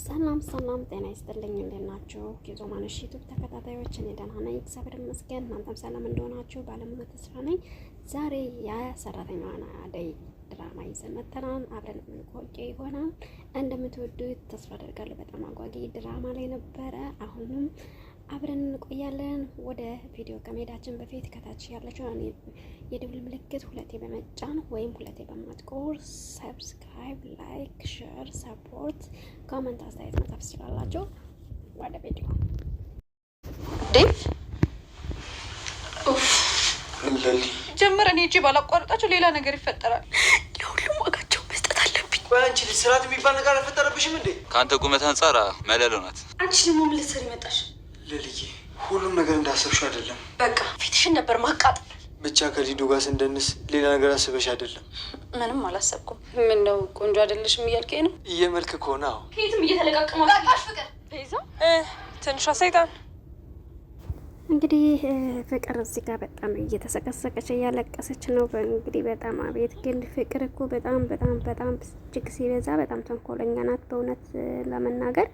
ሰላም ሰላም፣ ጤና ይስጥልኝ። እንዴት ናችሁ? ማነሽ ዩቱብ ተከታታዮች፣ እኔ ደህና ነኝ እግዚአብሔር ይመስገን። እናንተም ሰላም እንደሆናችሁ ባለሙሉ ተስፋ ነኝ። ዛሬ የሰራተኛዋን አደይ ድራማ ይዘን መጥተናል። አብረን የምንቆየው ይሆናል። እንደምትወዱት ተስፋ አደርጋለሁ። በጣም አጓጊ ድራማ ላይ ነበረ። አሁንም አብረን እንቆያለን። ወደ ቪዲዮ ከመሄዳችን በፊት ከታች ያለችው የደውል ምልክት ሁለቴ በመጫን ወይም ሁለቴ በማጥቆር ሰብስክራይብ፣ ላይክ፣ ሼር፣ ሰፖርት፣ ኮመንት አስተያየት መጻፍ ትችላላችሁ። ወደ ቪዲዮ ጀመረ እኔ ባላቋረጣቸው ሌላ ነገር ይፈጠራል። ለሁሉም ዋጋቸው መስጠት አለብኝ። አንቺ ልጅ ስርዓት የሚባል ነገር አልፈጠረብሽም እንዴ? ከአንተ ቁመት አንጻር መለሎ ናት። አንቺ ደግሞ ምን ልትሰሪ መጣሽ? ለልዬ ሁሉም ነገር እንዳሰብሽው አይደለም። በቃ ፊትሽን ነበር ማቃጠል። ብቻ ከሊዱ ጋር ስንደንስ ሌላ ነገር አስበሽ አይደለም? ምንም አላሰብኩም። ምን ነው ቆንጆ አይደለሽም እያልከኝ ነው? እየመልክ ከሆነ አዎ። ኬትም እየተለቃቀመ ፍቅር ይዛ ትንሿ ሰይጣን እንግዲህ ፍቅር እዚህ ጋር በጣም እየተሰቀሰቀች እያለቀሰች ነው። እንግዲህ በጣም አቤት ግን ፍቅር እኮ በጣም በጣም በጣም እጅግ ሲበዛ በጣም ተንኮለኛ ናት በእውነት ለመናገር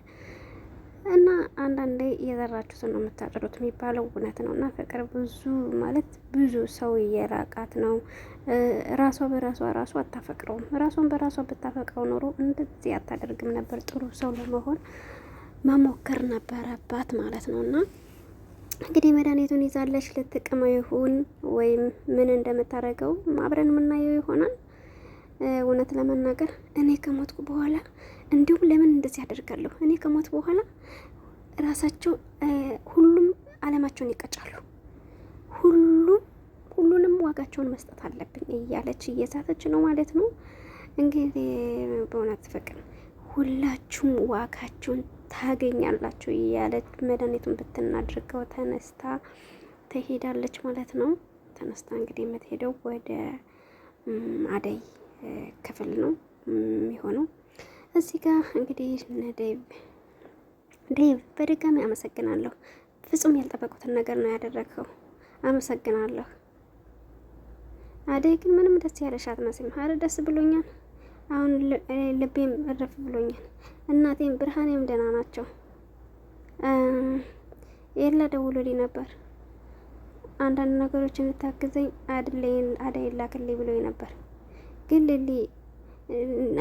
እና አንዳንዴ የዘራችሁትን ነው የምታጭዱት የሚባለው እውነት ነው። እና ፍቅር ብዙ ማለት ብዙ ሰው የራቃት ነው። ራሷ በራሷ ራሱ አታፈቅረውም። ራሷን በራሷ ብታፈቅረው ኖሮ እንደዚህ አታደርግም ነበር። ጥሩ ሰው ለመሆን መሞከር ነበረባት ማለት ነው እና እንግዲህ መድኃኒቱን ይዛለች። ልትቅመው ይሁን ወይም ምን እንደምታደርገው አብረን የምናየው ይሆናል። እውነት ለመናገር እኔ ከሞትኩ በኋላ እንዲሁም ለምን እንደዚህ ያደርጋለሁ እኔ ከሞት በኋላ ራሳቸው ሁሉም አለማቸውን ይቀጫሉ። ሁሉም ሁሉንም ዋጋቸውን መስጠት አለብኝ እያለች እየሳተች ነው ማለት ነው። እንግዲህ በእውነት ፍቅር ሁላችሁም ዋጋችሁን ታገኛላችሁ እያለች መድኃኒቱን ብትናድርገው ተነስታ ትሄዳለች ማለት ነው። ተነስታ እንግዲህ የምትሄደው ወደ አደይ ክፍል ነው የሚሆነው። እዚህ ጋር እንግዲህ ዴቭ ዴቭ በድጋሚ አመሰግናለሁ። ፍጹም ያልጠበቁትን ነገር ነው ያደረግኸው። አመሰግናለሁ። አደይ ግን ምንም ደስ ያለሽ አትመስልም። አረ ደስ ብሎኛል። አሁን ልቤም እረፍ ብሎኛል። እናቴም ብርሃኔም ደህና ናቸው። የላ ደውሎልኝ ነበር። አንዳንድ ነገሮች እንድታግዘኝ አደይን ላክልኝ ብሎኝ ነበር ግን ልሌ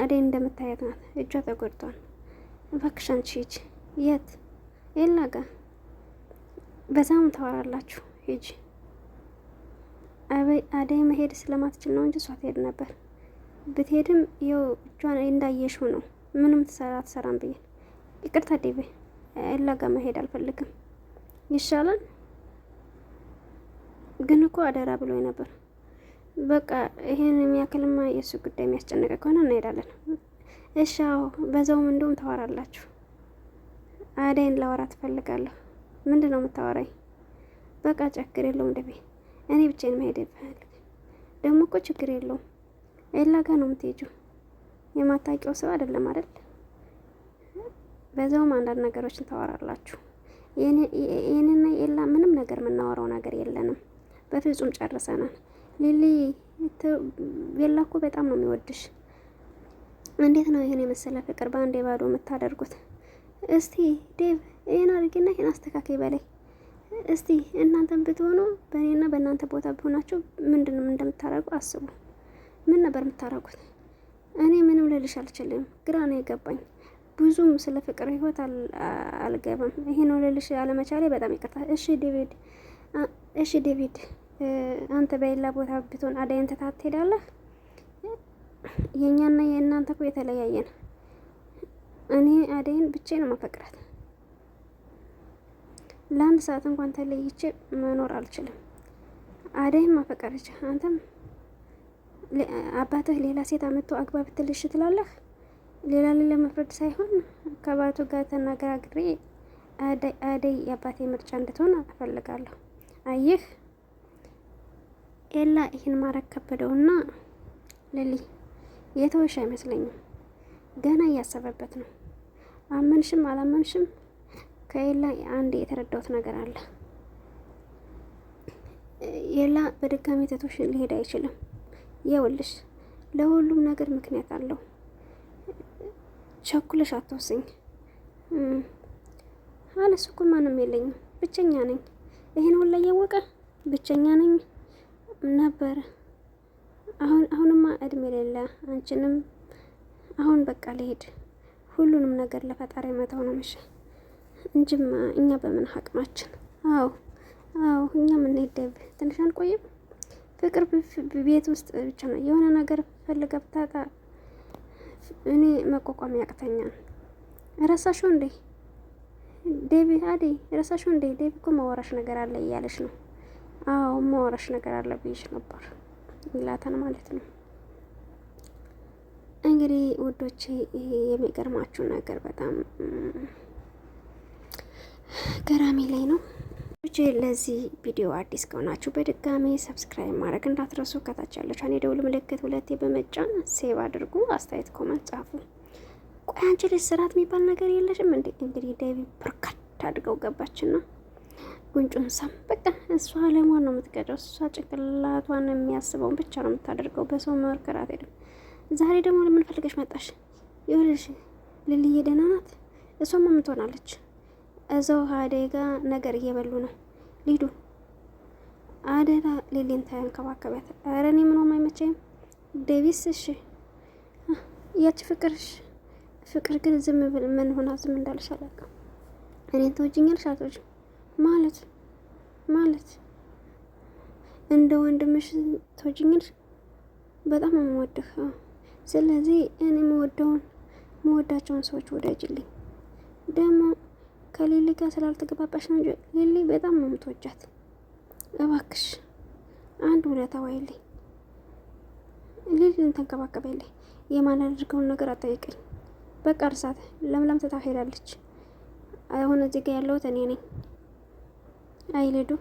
አደይ እንደምታያት ናት። እጇ ተጎድቷል። እባክሽ አንቺ ሂጂ። የት ኤላ ጋ በዛም ታወራላችሁ። ሂጂ። አደይ መሄድ ስለማትችል ነው እንጂ እሷ ትሄድ ነበር። ብትሄድም ይኸው እጇን እንዳየሽው ነው። ምንም ትሰራ አትሰራም ብዬ ይቅርታ ዴቤ ኤላ መሄድ አልፈልግም። ይሻላል ግን እኮ አደራ ብሎ ነበር በቃ ይሄን የሚያክልማ የእሱ ጉዳይ የሚያስጨነቀ ከሆነ እንሄዳለን። እሻው በዛውም እንደውም ታወራላችሁ። አዳይን ላወራ ትፈልጋለሁ። ምንድን ነው የምታወራኝ? በቃ ችግር የለውም ደቤ፣ እኔ ብቻዬን መሄድ ይፈልግ ደግሞ እኮ ችግር የለውም። ኤላ ጋ ነው የምትሄጂው። የማታውቂው ሰው አይደለም አይደል? በዛውም አንዳንድ ነገሮችን ታወራላችሁ። የኔና የኤላ ምንም ነገር የምናወራው ነገር የለንም። በፍጹም ጨርሰናል። ሊሊ ቤላኮ በጣም ነው የሚወድሽ። እንዴት ነው ይህን የመሰለ ፍቅር በአንድ ባዶ የምታደርጉት? እስቲ ዴቭ ይህን አድርጊና ይህን አስተካከይ በላይ እስቲ እናንተን ብትሆኑ በእኔና በእናንተ ቦታ ቢሆናችሁ ምንድን ነው እንደምታደርጉ አስቡ። ምን ነበር የምታደርጉት? እኔ ምንም ልልሽ አልችልም። ግራ ነው የገባኝ። ብዙም ስለ ፍቅር ህይወት አልገባም። ይሄ ነው ልልሽ አለመቻሌ። በጣም ይቅርታ። እሺ ዴቪድ፣ እሺ ዴቪድ አንተ በሌላ ቦታ ብትሆን አደይን ትታት ትሄዳለህ? የእኛና የእናንተ እኮ የተለያየ ነው። እኔ አደይን ብቻ ነው ማፈቅራት። ለአንድ ሰዓት እንኳን ተለይቼ መኖር አልችልም። አደይን ማፈቀረች አንተም አባትህ ሌላ ሴት አምጥቶ አግባ ብትልሽ ትላለህ። ሌላ ሌላ መፍረድ ሳይሆን ከባቱ ጋር ተነጋግሬ አደይ የአባቴ ምርጫ እንድትሆን እፈልጋለሁ። አየህ ኤላ ይህን ማድረግ ከበደውና ልሊ የተወሽ አይመስለኝም። ገና እያሰበበት ነው። አመንሽም አላመንሽም ከኤላ አንድ የተረዳሁት ነገር አለ። ኤላ በድጋሚ ተቶሽ ሊሄድ አይችልም። የውልሽ ለሁሉም ነገር ምክንያት አለው። ቸኩለሽ አትወስኝ። አለ። እኮ ማንም የለኝም፣ ብቸኛ ነኝ። ይህን ሁላ እያወቀ ብቸኛ ነኝ ነበር። አሁን አሁንማ እድሜ ሌለ አንቺንም አሁን በቃ ልሄድ ሁሉንም ነገር ለፈጣሪ መተው ነው ምሽ እንጂማ እኛ በምን አቅማችን። አዎ አዎ፣ እኛ ምን ሄደብ ትንሽ አንቆይም። ፍቅር ቤት ውስጥ ብቻ ነው የሆነ ነገር ፈልጋ ብታጣ እኔ መቋቋም ያቅተኛል። ረሳሽው እንዴ ዴቪ? አዴ ረሳሽው እንዴ ዴቪ? እኮ መወራሽ ነገር አለ እያለሽ ነው አዎ ማወራሽ ነገር አለ ብዬሽ ነበር ይላታል ማለት ነው። እንግዲህ ውዶቼ የሚገርማችሁ ነገር በጣም ገራሚ ላይ ነው። ውጭ ለዚህ ቪዲዮ አዲስ ከሆናችሁ በድጋሚ ሰብስክራይብ ማድረግ እንዳትረሱ። ከታች ያለችውን የደውል ምልክት ሁለቴ በመጫን ሴቭ አድርጉ። አስተያየት ኮመንት ጻፉ። ቆይ አንቺ ልጅ ስርዓት የሚባል ነገር የለሽም እንዴ? እንግዲህ ዴቪ ብርካት አድርገው ገባችና ጉንጩን ሳም በቃ እሷ አለሟን ነው የምትቀደው። እሷ ጭንቅላቷን የሚያስበውን ብቻ ነው የምታደርገው። በሰው መመርከር አትሄድም። ዛሬ ደግሞ ለምን ፈልገሽ መጣሽ? ይኸውልሽ ልልዬ ደህና ናት። እሷም ምን ትሆናለች? እዛው አደጋ ነገር እየበሉ ነው። ሊዱ አደራ ሊሊን ተንከባከቢያት። ኧረ እኔ ምንም አይመቸኝም። ዴቪስ እሺ፣ ያቺ ፍቅርሽ ፍቅር ግን ዝም ብል ምን ሆና ዝም እንዳለሽ አላውቅም። እኔን ተወጅኛል ሻቶች ማለት ማለት እንደ ወንድምሽ ትወጂኛለሽ። በጣም የምወድህ ስለዚህ እኔ የምወደውን የምወዳቸውን ሰዎች ወዳጅልኝ። ደግሞ ከሌሊ ጋር ስላልተገባባሽ ነው እንጂ ሌሊ በጣም ነው የምትወጃት። እባክሽ አንድ ውለታ ዋይልኝ፣ ሌሊን ተንከባከበልኝ። የማላደርገውን ነገር አጠይቀኝ በቃ እርሳት። ለምለም ትታ ሄዳለች። አሁን እዚህ ጋር ያለሁት እኔ ነኝ። አይልዱ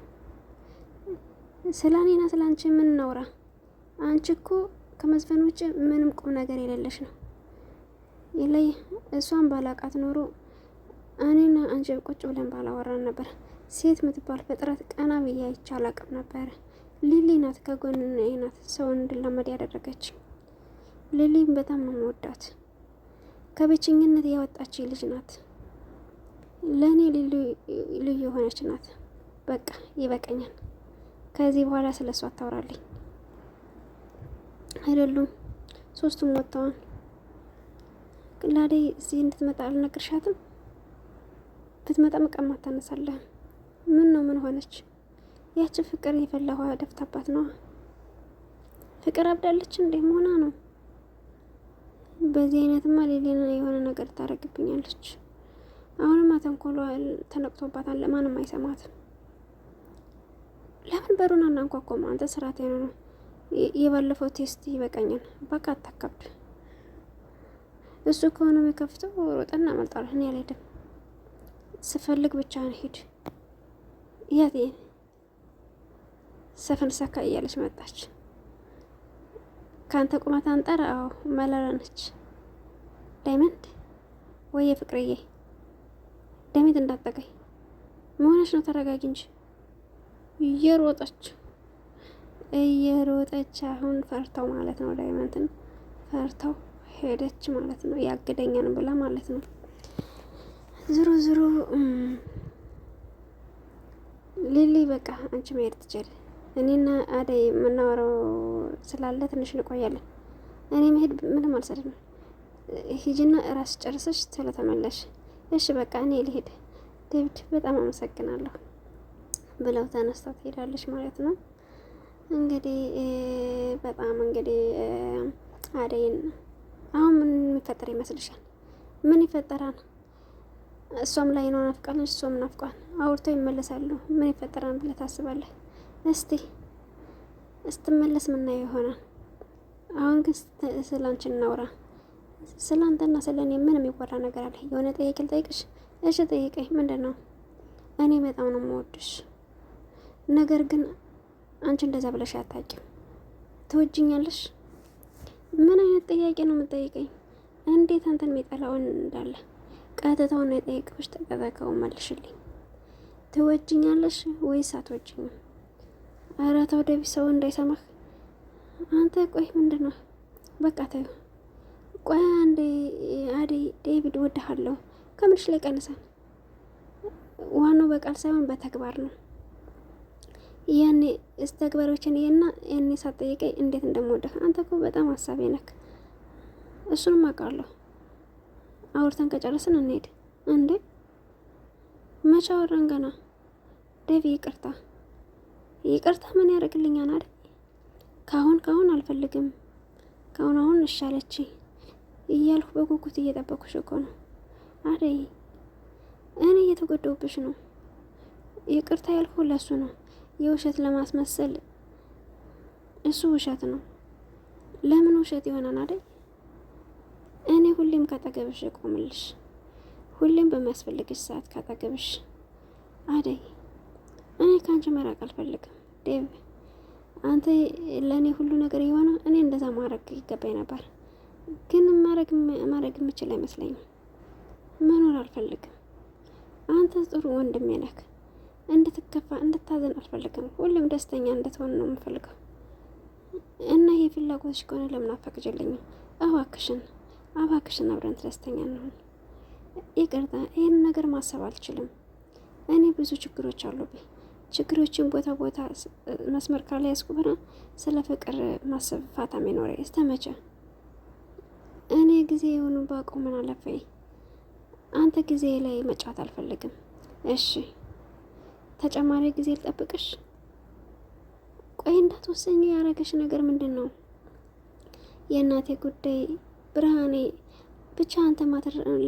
ስለ እኔና ስለ አንቺ ምን እናውራ? አንቺ እኮ ከመዝፈን ውጭ ምንም ቁም ነገር የሌለሽ ነው። ይለይ እሷን ባላቃት ኖሮ እኔና አንቺ ቁጭ ብለን ባላወራን ነበር። ሴት ምትባል ፍጥረት ቀና ብዬ አይቼ አላቅም ነበረ። ሊሊ ናት ከጎን ናት ሰውን እንድለመድ ያደረገች። ሊሊም በጣም ነው የምወዳት። ከብቸኝነት ያወጣች ልጅ ናት። ለእኔ ልዩ የሆነች ናት። በቃ ይበቀኛል። ከዚህ በኋላ ስለ እሱ አታውራለኝ። አይደሉም ሶስቱም ወጥተዋል። ቅላዴ እዚህ እንድትመጣ አልነግርሻትም። ብትመጣም እቃም አታነሳለህ። ምን ነው ምን ሆነች? ያቺ ፍቅር የፈላ ውሃ ደፍታባት ነዋ። ፍቅር አብዳለች እንዴ? መሆና ነው። በዚህ አይነትማ ሌሌና የሆነ ነገር ታደርግብኛለች። አሁንማ ተንኮሏ ተነቅቶባታል። ለማንም አይሰማትም። ለምን በሩን አናንኳኳም? አንተ ስርዓት ነው ነው የባለፈው ቴስት ይበቃኛል። በቃ አታካብድ። እሱ ከሆነ የሚከፍተው ሮጠን እናመልጣለን። እኔ አልሄድም። ስፈልግ ብቻ ሄድ። ያት ሰፈን ሰካ እያለች መጣች። ከአንተ ቁመት አንጠር? አዎ መላላ ነች። ዳይመንድ ወየ ፍቅርዬ፣ ዳይመንድ እንዳጠቀኝ መሆንሽ ነው። ተረጋጊ እንጂ እየሮጠች እየሮጠች አሁን ፈርተው ማለት ነው ዳይመንትን ፈርተው ሄደች ማለት ነው። ያገደኛን ብላ ማለት ነው። ዝሩ ዝሩ ሊሊ በቃ አንቺ መሄድ ትችል። እኔና አደይ የምናወራው ስላለ ትንሽ እንቆያለን። እኔ መሄድ ምንም አልሰድም። ሂጅና እራስ ጨርሰሽ ስለተመለሽ እሺ፣ በቃ እኔ ልሄድ። ዴቪድ በጣም አመሰግናለሁ። ብለው ተነስተው ትሄዳለች ማለት ነው። እንግዲህ በጣም እንግዲህ አደይን አሁን ምን የሚፈጠር ይመስልሻል? ምን ይፈጠራል? እሷም ላይ ነው ናፍቃለች፣ እሷም ናፍቋል። አውርቶ ይመለሳሉ። ምን ይፈጠራል ብለህ ታስባለህ? እስቲ ስትመለስ ምናየው ይሆናል። አሁን ግን ስላንች እናውራ። ስላንተና ስለኔ ምን የሚወራ ነገር አለ? የሆነ ጥያቄ ልጠይቅሽ? እሺ ጠይቀኝ። ምንድን ነው? እኔ በጣም ነው የምወድሽ ነገር ግን አንቺ እንደዛ ብለሽ አታውቂም። ትወጅኛለሽ? ምን አይነት ጥያቄ ነው የምጠይቀኝ? እንዴት አንተን የሚጠላውን እንዳለ ቀጥታውን ነው የጠየቅኩሽ። ተቀበቀው መልሽልኝ። ትወጅኛለሽ ወይስ አትወጅኝም? ኧረ ተው ደቢ፣ ሰው እንዳይሰማህ አንተ። ቆይ ምንድን ነው? በቃ ተይው። ቆይ አንዴ አደይ፣ ዴቪድ እወድሃለሁ ከምንሽ ላይ ቀንሰን። ዋናው በቃል ሳይሆን በተግባር ነው። ያኔ እስተግበሮችን ይሄና ያኔ ሳትጠይቀኝ እንዴት እንደምወደህ አንተ እኮ በጣም ሀሳቤ ነክ። እሱንም አውቃለሁ። አውርተን ከጨረስን እንሄድ። እንዴ መቼ አወራን ገና? ደቪ ይቅርታ ይቅርታ ምን ያደርግልኛል አይደል? ካሁን ካሁን አልፈልግም ካሁን አሁን እሻለች እያልኩ በጉጉት እየጠበኩሽ እኮ ነው አደይ። እኔ እየተጎዳውብሽ ነው። ይቅርታ ያልኩ ለሱ ነው። የውሸት ለማስመሰል እሱ ውሸት ነው። ለምን ውሸት ይሆናል አይደል? እኔ ሁሌም ካጠገብሽ እቆምልሽ፣ ሁሌም በሚያስፈልግሽ ሰዓት ካጠገብሽ አደይ። እኔ ከአንቺ መራቅ አልፈልግም ዴቭ። አንተ ለእኔ ሁሉ ነገር የሆነ እኔ እንደዛ ማድረግ ይገባኝ ነበር፣ ግን ማድረግ የምችል አይመስለኝም። መኖር አልፈልግም። አንተ ጥሩ ወንድሜ ነህ። እንድትከፋ እንድታዘን አልፈልግም። ሁሉም ደስተኛ እንድትሆን ነው የምፈልገው እና ይሄ ፍላጎትሽ ከሆነ ለምን አፈቅጅልኝም? እባክሽን እባክሽን አብረን ደስተኛ እንሆን። ይቅርታ ይህን ነገር ማሰብ አልችልም። እኔ ብዙ ችግሮች አሉብኝ። ችግሮችን ቦታ ቦታ መስመር ካልያዝኩ ስለ ፍቅር ማሰብ ፋታ ሚኖረ እስተመቼ? እኔ ጊዜ የሆኑ ባቆ ምን አንተ ጊዜ ላይ መጫወት አልፈልግም። እሺ ተጨማሪ ጊዜ ልጠብቅሽ? ቆይ እንዳትወሰኝ ያደረገሽ ነገር ምንድን ነው? የእናቴ ጉዳይ ብርሃኔ፣ ብቻ አንተ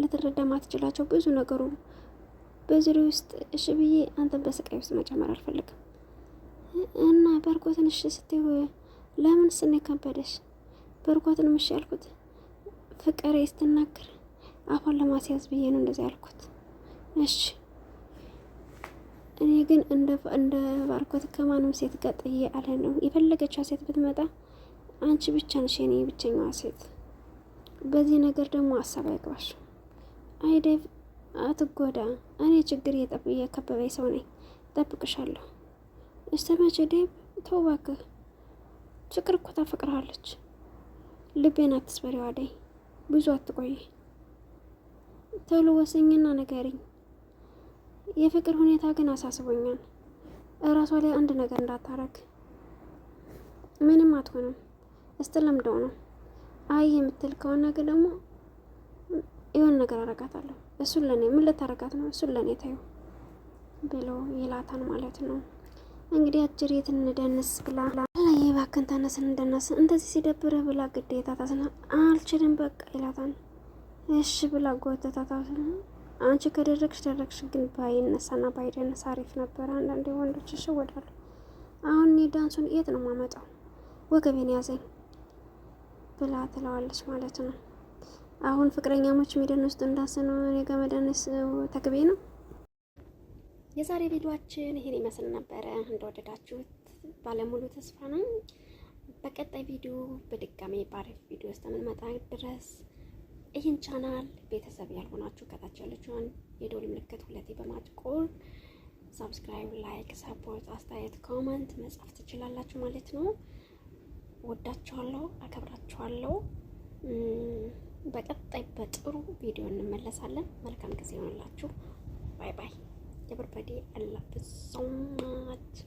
ልትረዳ ማትችላቸው ብዙ ነገሩ በዙሪ ውስጥ እሽ ብዬ አንተን በስቃይ ውስጥ መጨመር አልፈልግም። እና በርኮትን እሽ ስትይው ለምን ስኔ ከበደሽ? በርኮትን ምሽ ያልኩት ፍቅሬ ስትናገር አፏን ለማስያዝ ብዬ ነው እንደዚያ ያልኩት። እሺ እኔ ግን እንደ ባርኮት ከማንም ሴት ጋር ጥዬ ነው የፈለገችው ሴት ብትመጣ አንቺ ብቻ ነሽ የኔ ብቸኛዋ ሴት። በዚህ ነገር ደግሞ ሀሳብ አይግባሽ። አይደ አትጎዳ። እኔ ችግር እየከበበኝ ሰው ነኝ። ጠብቅሻለሁ። እስተመቼ ደ ተው እባክህ። ፍቅር እኮ ታፈቅረዋለች። ልቤን አትስበሪው አደይ። ብዙ አትቆይ። ተሎ ወሰኝና ነገርኝ። የፍቅር ሁኔታ ግን አሳስቦኛል። እራሷ ላይ አንድ ነገር እንዳታረግ። ምንም አትሆንም፣ እስትለምደው ነው። አይ የምትል ከሆነ ግን ደግሞ የሆነ ነገር አረጋታለሁ። እሱን ለኔ ምን ልታረጋት ነው? እሱን ለኔ ታዩ ብሎ ይላታል ማለት ነው። እንግዲህ አጭር የት እንደንስ ብላ ላይ ባክን ተነስ እንደነስ እንደዚህ ሲደብረ ብላ ግዴታ ታስና አልችልም በቃ ይላታን። እሺ ብላ ጎተታታ አንቺ ከደረግሽ ደረግሽ፣ ግን ባይነሳና ባይደነሳ አሪፍ ነበር። አንዳንዴ ወንዶች ይሸወዳሉ። አሁን እኔ ዳንሱን የት ነው ማመጣው? ወገቤን ያዘኝ ብላ ትለዋለች ማለት ነው። አሁን ፍቅረኛሞች ሚደን ውስጥ እንዳስ ነው እኔ መደነስ ተግቤ ነው። የዛሬ ቪዲዮችን ይሄን ይመስል ነበረ። እንደወደዳችሁት ባለሙሉ ተስፋ ነኝ። በቀጣይ ቪዲዮ በድጋሚ ባሪፍ ቪዲዮ እስከምንመጣ ድረስ ይህን ቻናል ቤተሰብ ያልሆናችሁ ከታች ያለችውን የደወል ምልክት ሁለቴ በማጥቆር ሳብስክራይብ፣ ላይክ፣ ሰፖርት፣ አስተያየት፣ ኮመንት መጻፍ ትችላላችሁ ማለት ነው። ወዳችኋለሁ፣ አከብራችኋለሁ። በቀጣይ በጥሩ ቪዲዮ እንመለሳለን። መልካም ጊዜ ይሆንላችሁ። ባይ ባይ። ኤቨሪባዲ አይ ላቭ ዩ ሶ ማች